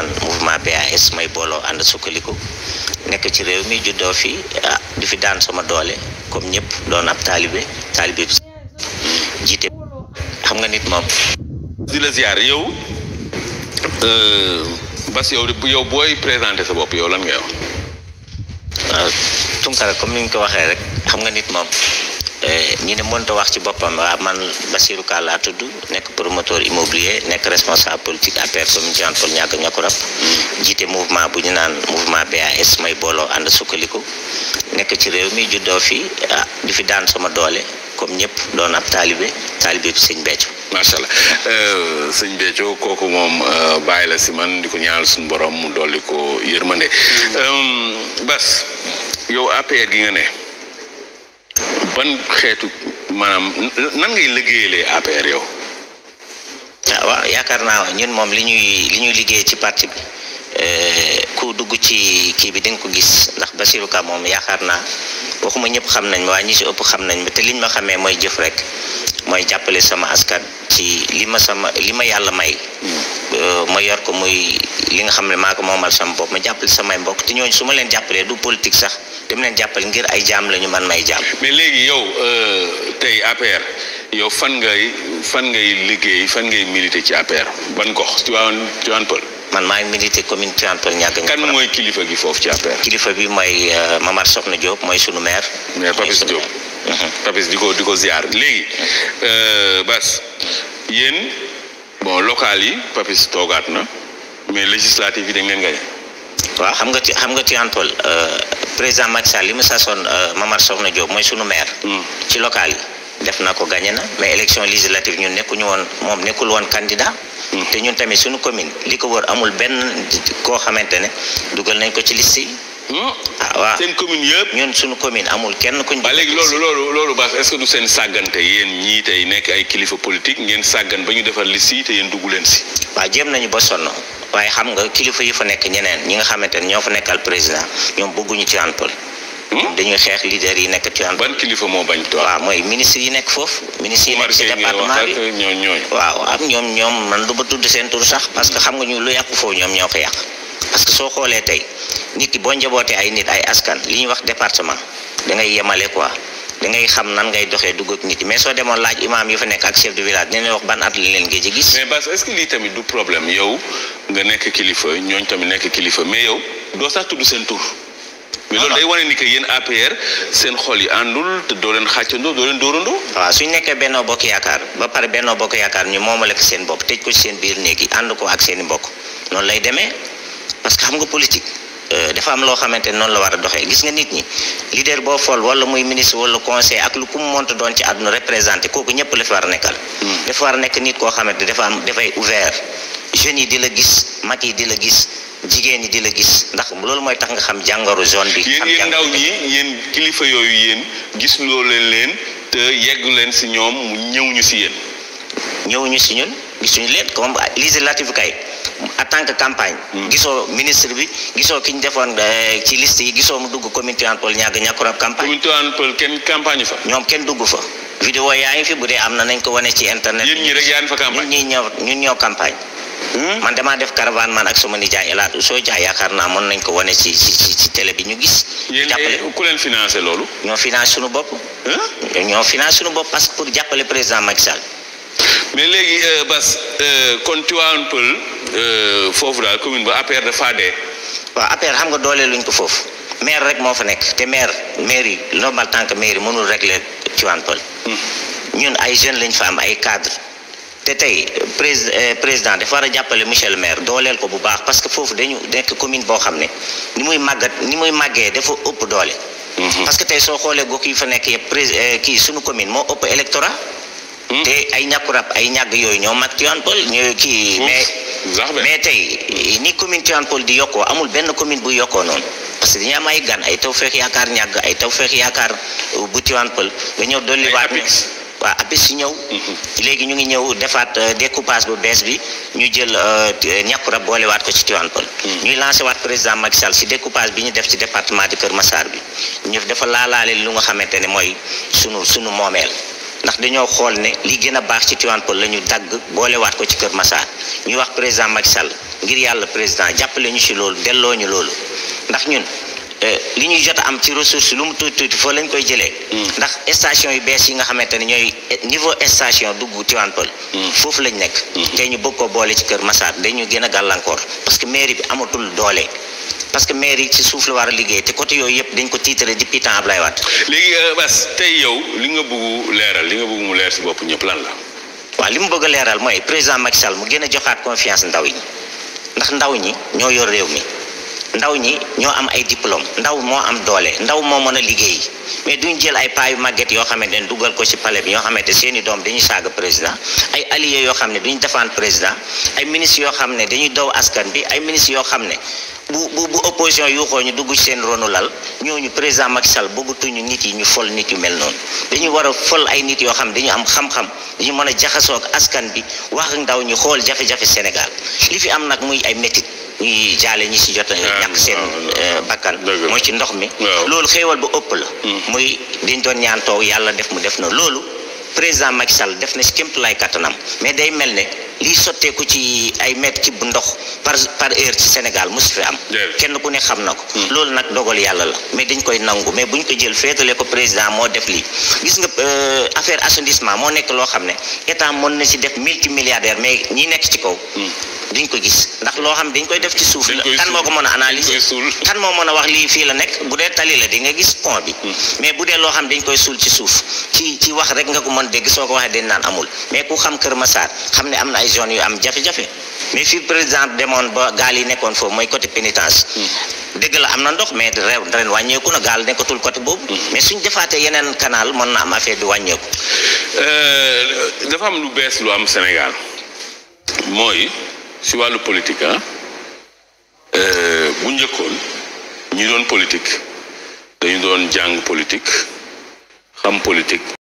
naan mouvement PAS may booloo ànd sukkaliku nekk ci réew mi juddoo fi ah di fi daan sama doole comme ñëpp doon ab taalibe taalibe bi jiite xam nga nit moom di la ziar yow euh, bas yow yow booy présenté sa bopp yow lan ngay wax ah, Tunkara comme ni ñu ko waxee rek xam nga nit moom Eh, ñu ne mënta wax ci boppam waa man Bassirou Ka laa tudd nekk promoteur immobilier nekk responsable politique APR commune Jean Paul ñàkk ñàkku rab jiite mouvement bu ñu naan mouvement BAS may booloo ànd sukkaliku nekk ci réew mi juddoo fi ah di fi daan sama doole comme ñëpp doon ab taalibe taalibe bi sëñ Béthio macha allah euh, sëñ Béthio kooku moom euh, bàyyi la si man di ko ñaanal suñ borom mu dolli ko yërmande mm. euh, Bas yow APR gi nga ne ban xeetu maanaam nan ngay liggéeyalee APR yow. ah waaw yaakaar naa ñun moom li ñuy li ñuy liggéey ci parti bi eh, ku dugg ci kii bi di nga ko gis ndax Basirou Ka moom yaakaar naa waxuma ñëpp xam nañ ma waaye ñi ci ëpp xam nañ ma te liñ ma xamee mooy jëf rek mooy jàppale sama askan ci li ma sama li ma yàlla may euh, ma yor ko muy li nga xam ne maa ko moomal sama bopp ma jàppale samay mbokk te ñooñu su ma leen jàppalee du politique sax dem leen jàppale ngir ay jaam lañu man may jaam mais léegi yow euh, tey APR yow fan ngay fan ngay liggéey fan ngay militer ci APR ban gox ci Tivaouane Peulh man maa ngi milité commune Tivaouane Niaga. kan mooy kilifa gi foofu ci APR. kilifa bi mooy euh, Mamar Sokhna jóob mooy sunu mair mais Papis Diop. Mhm. Papis di ko di ko ziar léegi euh, Bas yéen bon local yi Papis toogaat na mais législative yi dañ leen gañe. waaw xam nga ci xam nga Tivaouane Peulh euh, président Macky Sall li mu sasoon Mamar Sokhna Diop mooy sunu maire. Hmm. ci local yi. def na ko gagné na mais élection législative ñun nekkuñu woon moom nekkul woon candidat. Hmm. te ñun tamit suñu commune li ko wër amul benn koo xamante ne dugal nañ ko ci liste yi. Hmm. ah seen commune yëpp. ñun suñu commune amul kenn kuñ. ba léegi loolu loolu loolu baax est du seen sàggante yéen ñii tey nekk ay kilifa politique ngeen sàggan ba ñu defar liste yi te yéen dugg leen si. waa jéem nañu ba sonn waaye xam nga kilifa yi fa nekk ñeneen ñi nga xamante ne ñoo fa nekkal président ñoom bëgguñu ci ànd Hmm? dañuy xeex leader yi nekk Tivaouane. ban kilifa moo bañ. waaw mooy ministre yi nekk foofu. ministre yi nekk ci département bi waaw ñoom ñoom man du ma tudd seen tur sax parce que xam nga ñu lu yàqu foofu ñoom ñoo ko yàq. parce que soo xoolee tey nit ki boo njabootee ay nit ay askan li ñuy wax département da ngay yemale quoi da ngay xam nan ngay doxee dugg ak nit yi mais soo demoon laaj imaam yu fa nekk ak chef de village dinañ wax ban at lañ leen géej gis. mais Bass est-ce que lii tamit du problème ñooñ tamit nekk kilifa mais yow doo sax seen tur. mais loolu day wane ni que yéen APR seen xol yi àndul te doo leen xàccandoo doo leen dóorandoo. waaw suñ nekkee Benno Bokk Yaakaar ba pare Benno Bokk Yaakaar ñu moomale ko seen bopp tëj ko ci seen biir néeg yi ko ak seen i noonu lay demee parce que xam nga politique. Euh, dafa am loo xamante noonu la war a doxee gis nga nit ñi leader boo fol wala muy ministre wala conseil ak lu ku mu monta doon ci àdduna représenté kooku ñëpp la fi war a nekkal. Hmm. dafa a nekk nit koo xamante dafa am dafay ouvert jeunes yi di la gis mag yi di la gis. jigéen ñi di la gis ndax loolu mooy tax nga xam jàngoro zone bi. xam yéen ndaw ñi yéen kilifa yooyu yéen gis loo leen te yeggu leen si ñoom mu ñëw ñu si yéen. ñëw ñu si ñun gisuñu leen comme législative kay en tant que campagne. Hmm. gisoo ministre bi gisoo ki ñu defoon eh, ci liste yi gisoo mu dugg commune Tivaouane Peulh ñàgg ñàkkul ab campagne. commune Tivaouane Peulh kenn campagne fa. ñoom kenn yaa ngi fi bu dee am na nañ ko wone ci internet. yéen ñi rek yaa ngi fa campagne ñun ñii ñëw ñun campagne. Hmm? man damaa def caravane man ak sama nijaay El Hadj Ousseynou Dia yaakaar naa mën nañ ko wane si si ci télé bi ñu gis. jàppale ku leen financé loolu. ñoo finance suñu bopp. Hmm? ñoo finance suñu bopp parce que pour jàppale président Macky Sall. mais léegi euh, Bas euh, kon Tivaouane Peulh euh, foofu daal commune ba APR dafa dee. waa APR xam nga doole luñ ko foofu maire rek moo fa nekk te maire maire yi normal tant que maire mënul mënul régler Tivaouane Peulh. Hmm. ñun ay jeunes lañ fa am ay cadres. te tey eh, président dafa war a Michel maire dolel ko bu baax parce que fofu dañu nek commune bo xamné ni muy magat ni muy màggee dafa ëpp doole. Mhm. parce que tay so xolé gox yi fa nek ki suñu commune mo ëpp électorat. Mhm. té ay ñàkku rab ay ñàgg yoy ñoo mak Tivaouane Peulh ki mais. mais tay ni commune Tivaouane di yokkoo amul benn commune bu yokkoo non parce que dañuy am ay gan ay tawfex feex yaakaar ay tawfex feex bu Tivaouane Peulh nga waat waaw APIX si ñëw. Mhm. léegi ñu ngi ñëw defaat euh, découpage bu bees bi ñu jël euh, ñàkk rab boolewaat ko ci Tivaouane Peulh. Mhm. ñuy lancé waat président Macky Sall si découpage bi ñu def ci département de Kër Massar bi ñu dafa laalaale lu nga xamante ne mooy sunu sunu moomeel. ndax dañoo xool ne li gën a baax ci Tivaouane Peulh la ñu dagg boolewaat ko ci Kër Massar ñuy wax président Macky ngir yàlla président jàppale ñu si loolu delloo ñu loolu ndax ñun. Euh, li ñuy jot am ci ressource lu mu tuuti tuuti foo lañ koy jëlee. Hmm. ndax station yu bees yi nga xamante ne ñooy eh, niveau station duggu Tivaouane Peulh. Hmm. foofu lañ nekk. Hmm. tey ñu bëgg ko boole ci Kër Massar dañu gën a gàllankoor parce que mairie bi amatul doole. parce que mairie ci suuf la war a liggéey te côté yooyu yëpp dañ ko tiitaree depuis temps wat Wade. léegi euh, Bass tey yow li nga bëgg leeral li nga bëgg leer si bopp ñëpp lan la. waaw li mu bëgg leeral mooy président Macky mu gën a joxaat confiance ndaw yi ndax ndaw ñi ñoo yor réew mi. ndaw ñi ñoo am ay diplôme ndaw moo am doole ndaw moo mën a liggéey mais duñ jël ay paa yu màgget yoo xamante ne dugal ko ci palais bi ñoo xamante seen i doom dañuy saaga président ay alliés xam ne duñu défendre président ay ministres yoo xam ne dañuy daw askan bi ay ministres yoo xam ne bu bu bu opposition yuuxoo ñu dugg seen ronu lal ñooñu président Macky Sall bëggatuñu nit yi ñu fol nit yu mel noonu dañu war fol ay nit yoo xam ne dañu am xam-xam dañu mën a jaxasoo ak askan bi wax ndaw ñi xool jafe-jafe Sénégal li fi am nag muy ay métit ñuy jaale ñi si jot a ah, ñàkk seen eh, bakkan mooy ci ndox mi loolu xéewal bu ëpp la hmm. muy di doon ñaan yàlla def mu def na loolu président Macky sal def na si kémtu lay kattanam mais day mel ne li ku ci ay mètre bu ndox par par heure ci Sénégal musu fi am kenn ku ne xam nako hmm. lool nak nag dogal yàlla la mais dañ koy nangu mais buñ ko jël fétalé ko président mo def li gis nga euh, affaire assainissement mo nek lo xamné état mon na si def multimilliardaire mais ñi nek ci kaw hmm. diñ ko gis ndax lo xam diñ koy def ci souf kan moko mëna analyser kan mo mëna wahli wax li fi la nek bu tali la di nga gis pont bi hmm. mais bu dee loo xam diñ koy sul ci souf ci ci wax rek nga ko mën dégg soko waxé dañ nan amul mais ku xam Kër Massar xamné amna ay zones yu am jafe mais fii président demoon ba gaal yi nekkoon foofu mooy côté pénitence hmm. dëgg la am na ndox mais rew ren wàññeeku na gaal nekkatul côté boobu hmm. mais suñ defaatee yeneen kanaal mën na am affaire bi wàññeeku euh, dafa am lu bees lu am Sénégal mooy si wàllu politique euh, bu njëkkoon ñi doon politique dañu doon jàng politique xam politique